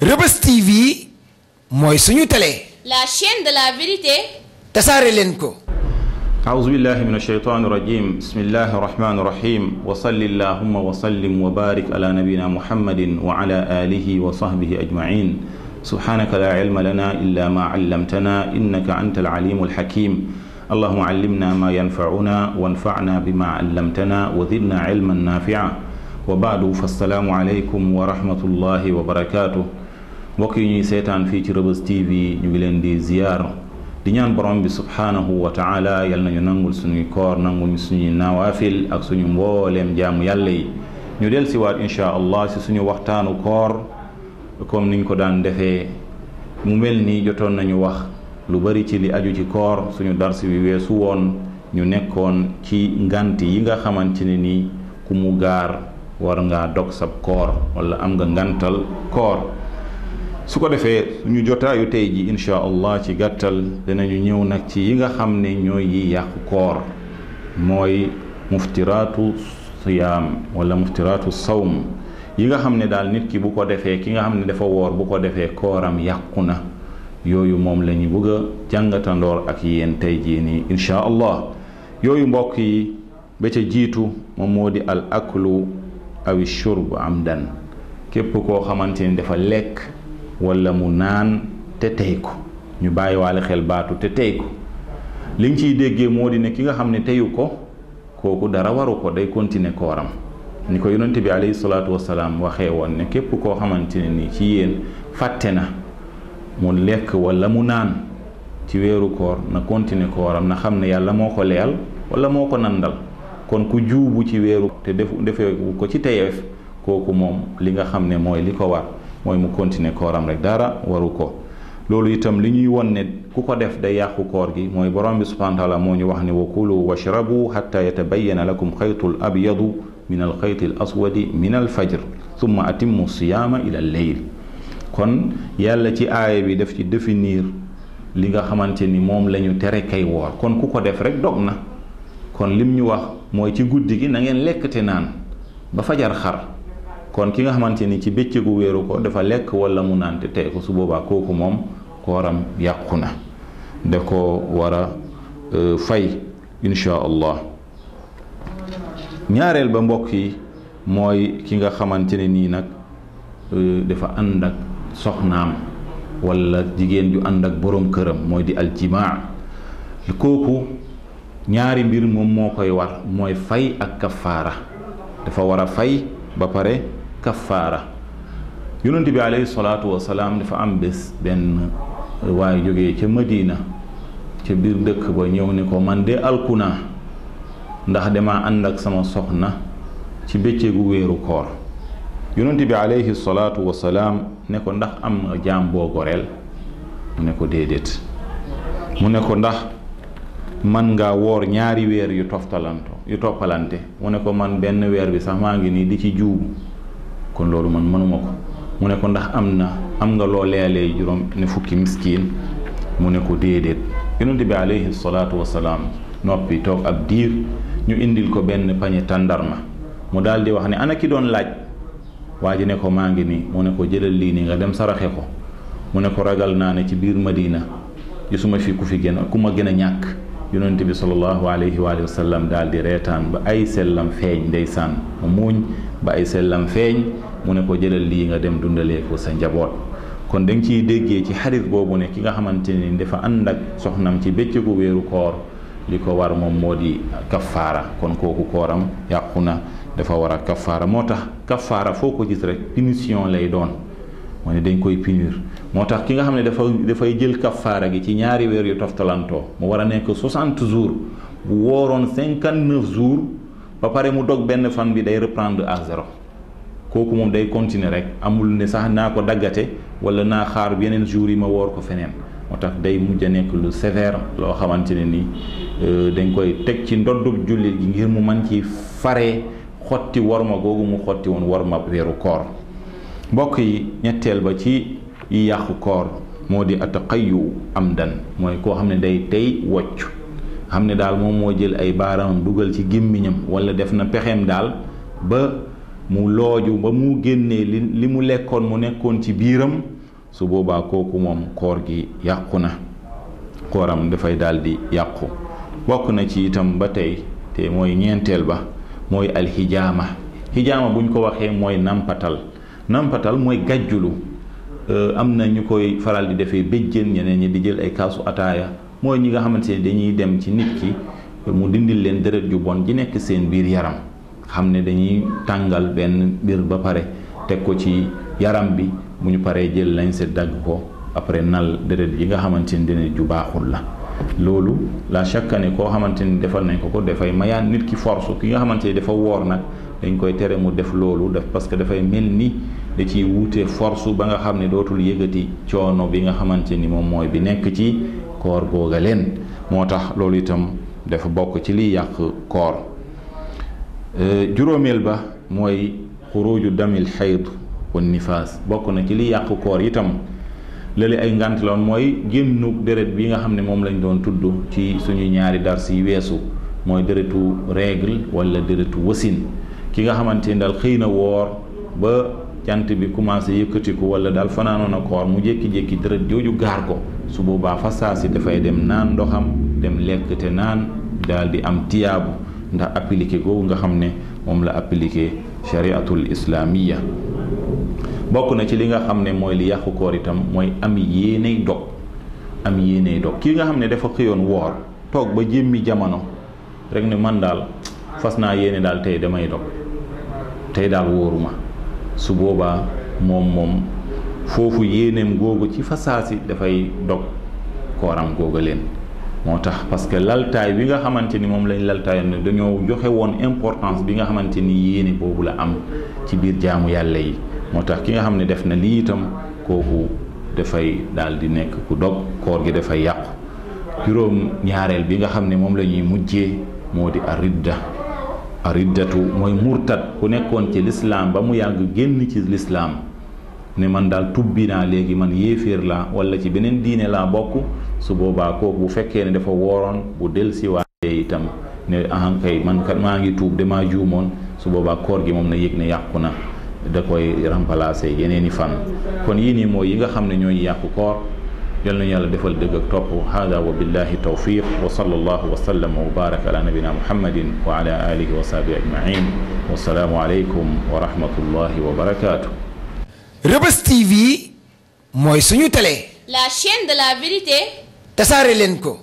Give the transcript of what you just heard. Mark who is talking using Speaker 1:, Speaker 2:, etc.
Speaker 1: Reubeuss TV mooy suñu télé. la chaîne de la vérité. tasaare leen ko. أعوذ بالله من الشيطان الرجيم بسم الله الرحمن الرحيم وصل اللهم وسلم وبارك على نبينا محمد وعلى آله وصحبه أجمعين سبحانك لا علم لنا إلا ما علمتنا إنك أنت العليم الحكيم اللهم علمنا ما ينفعنا وانفعنا بما علمتنا وذلنا علما نافعا وبعد فالسلام عليكم ورحمة الله وبركاته mbokk yi ñuy seetaan fii ci Reubeuss TV ñu ngi leen di ziyaar di ñaan borom bi subhaanahu wa taala yal nañu nangul suñuy koor nanguñu suñuy nawaafil ak suñu mbooleem jàmm yàlla yi ñu del siwaat inchaa allah si suñu waxtaanu koor comme niñ ko daan defee mu mel nii jotoon nañu wax lu bari ci li aju ci koor suñu dars bi weesu woon ñu nekkoon ci ngant yi nga xamante ne nii ku mu gaar war ngaa dog sab koor walla am nga ngantal koor su ko defee ñu jotaayu tey ji incha allah ci gàttal dinañu ñëw nag ci yi nga xam ne ñooy yi yàqu koor mooy muftiraatu siyaam wala muftiraatu sawm yi nga xam ne daal nit ki bu ko defee ki nga xam ne dafa woor bu ko defee kooram yàqu na yooyu moom la ñu bëgg a jàngatandoor ak yéen tey jii nii incha yooyu mbokk yi ba ca jiitu moom moo di al aklu awi shurb amdan képp koo xamante ne dafa lekk wala mu naan te tey ko ñu bàyyi waale xel baatu te tey ko li ciy déggee moo di ne ki nga xam ne teyu ko kooku dara waru ko day continuer kooram ni ko yonente bi alayhi salaatu waxee woon ne képp koo xamante ne nii ci yéen fàtte na mu lekk wala mu naan ci weeru koor na continuer kooram na xam ne yàlla moo ko leyal wala moo ko nandal kon ku juubu ci weeru te def defee ko ci teyeef kooku moom li nga xam ne mooy li ko war mooy mu continuer kooram rek dara waru ko loolu itam li ñuy won ne ku ko def day yàqu koor gi mooy borom bi subhanahu wa taala moo ñu wax ne wa kulu washrabu xata yatabayana lakum xaytu l abyadu min al xayti al aswadi min al fajr summa atimmu siyaama ila leyl kon yàlla ci aaya bi daf ci définir li nga xamante ni moom lañu ñu tere kay woor kon ku ko def rek dog na kon lim ñu wax mooy ci guddi gi na ngeen lekk te naan ba fajar xar kon ki nga xamante ni ci bëccëgu weeru ko dafa lekk wala mu naan te ko su boobaa kooku moom kooram yàqu na da koo war e, fay insha allah ñaareel ba mbokk yi mooy ki nga xamante ne nii nag e, dafa ànd ak soxnaam wala jigéen ju ànd ak boroom këram mooy di aljimaa kooku ñaari mbir moom moo koy war mooy fay ak kafaara dafa wara fay ba pare kaffaara yonent bi alayhi salaatu wa salaam dafa am bés benn waaye jógee ca Madina ca biir dëkk ba ñëw ni ko man de alkunaa ndax dama ànd ak sama soxna ci bëccëgu wéeru koor yonent bi alayhi salaatu wa salaam ne ko ndax am na jaam boo goreel mu ne ko déedéet mu ne ko ndax man nga woor ñaari weer yu toftalante yu toppalante mu ne ko man benn weer bi sax maa ngi nii di ci juubu kon loolu man mënuma ko mu ne ko ndax am na am nga loo leelee juróom ne fukki miskin mu ne ko déedéet yonent bi alayhi salaatu wasalaam noppi toog ab diir ñu indil ko benn pañe tàndarma mu daal di wax ne ana ki doon laaj waa ji ne ko maa ngi nii mu ne ko jëlal lii nii nga dem saraxe ko mu ne ko ragal naa ne ci biir Madina gisuma fi ku fi gën ku ma gën a ñàkk yonent bi sallallahu alayhi wa sallam daal di reetaan ba ay sellam feeñ ndeysaan mu muuñ ba ay sellam feeñ mu ne ko jëlal lii nga dem dundalee ko sa njaboot kon da ciy déggee ci xarit boobu ne ki nga xamante ni dafa ànd ak soxnam ci bëccëgu wéeru koor li ko war moom moo di kaffaara kon kooku kooram yàqu na dafa war a kaffaara moo tax kaffaara foo ko gis rek punition lay doon mooy dañ koy punir moo tax ki nga xam ne dafa dafay jël kafaara gi ci ñaari weer yu toftalantoo mu war a nekk 60 jours bu wooroon cinquante 59 jours ba pare mu dog benn fan bi day reprendre à zéro kooku moom day continuer rek amul ne sax naa ko daggate wala naa xaar yeneen jours yi ma woor ko feneen moo tax day mujj a nekk lu sévère loo xamante ne ni euh, dañ koy teg ci ndoddub jullit gi ngir mu mën ci fare xotti worma googu mu xotti woon worma weeru koor mbokk yi ñetteel ba ci yi yàqu koor moo di am dan mooy koo xam ne day tey wocc xam ne daal moom moo jël ay baaraam dugal ci gémmiñam wala def na pexeem daal ba mu looju ba mu génnee li li mu lekkoon mu nekkoon ci biiram su boobaa kooku moom koor gi yàqu na kooram dafay daldi yàqu bokk na ci itam ba tey te mooy ñeenteel ba mooy alxijaama xijaama buñ ko waxee mooy nàmpatal nampatal mooy gàjjulu euh, am na ñu koy faral di defee béjjén ñeneen ñi di jël ay kaasu ataaya mooy ñi nga xamante ne dañuy dem ci nit ki mu dindil leen deret ju bon ji nekk seen biir yaram xam ne dañuy tàngal benn mbir ba pare teg ko ci yaram bi mu ñu paree jël lañ set dagg ko après nal deret yi nga xamante ne deret ju baaxul la loolu la chaque année koo xamante ni defal nañ ko ko dafay mayaan nit ki force ki nga xamante ni dafa woor nag dañ koy tere mu def loolu def parce que dafay mel ni da ciy wuute force ba nga xam ne dootul yëgati coono bi nga xamante ni moom mooy bi nekk ci koor googa leen moo tax loolu itam dafa bokk ci liy yàq koor euh, juróomeel ba mooy xuruju damil xayd kon nifaas bokk na ci liy yàq koor itam lële ay ngànt la woon mooy génnug deret bi nga xam ne moom lañ doon tudd ci suñu ñaari dars yi weesu mooy deretu règle wala deretu wasin ki nga xamante ni daal xëy na woor ba jant bi commencé yëkkatiku wala daal fanaanoon a koor mu jékki-jékki deret jooju gaar ko su boobaa fa saa si dafay dem naan ndoxam dem lekk te naan daal di am tiyaabu ndax appliqué googu nga xam ne moom la appliqué chariatul islaamiya bokk na ci li nga xam ne mooy li yàqu koor itam mooy am yéenay dog am yéenay dog kii nga xam ne dafa xëyoon woor toog ba jëmmi jamono rek ne man daal fas naa yéene daal tey damay dog tey daal wóoruma su boobaa moom moom foofu yéeneem googu ci fasaasi dafay dog kooram googa leen moo tax parce que laltaay bi nga xamante ni moom lañ laltaayoon ne dañoo joxe woon importance bi nga xamante ni yéene boobu la am ci biir jaamu yàlla yi moo tax ki nga xam ne def na lii itam kooku dafay daal di nekk ku dog koor gi dafay yàqu juróom ñaareel bi nga xam ne moom la ñuy mujjee moo di aridda ariddatu mooy murtat ku nekkoon ci lislaam ba mu yàgg génn ci lislaam ne man daal tubbi naa léegi man yéeféer laa wala ci beneen diine laa bokk su boobaa kooku bu fekkee ne dafa wooroon bu del si waaye itam ne ahankay man kat maa ngi tuub damaa juumoon su boobaa koor gi moom na yëg ne yàqu na dakoy remplacer yeneeni fan kon yini moy yi nga xamne ñoy yak yàqu koor yal nañu yàlla defal deug ak top hada wa billahi tawfiq wa sallallahu wa sallam wa baraka ala nabina muhammadin wa ala alihi wa sahbihi ajmain wa assalamu alaykum wa rahmatullahi wa barakatuh Reubeuss TV moy suñu télé la chaîne de la vérité tassare len ko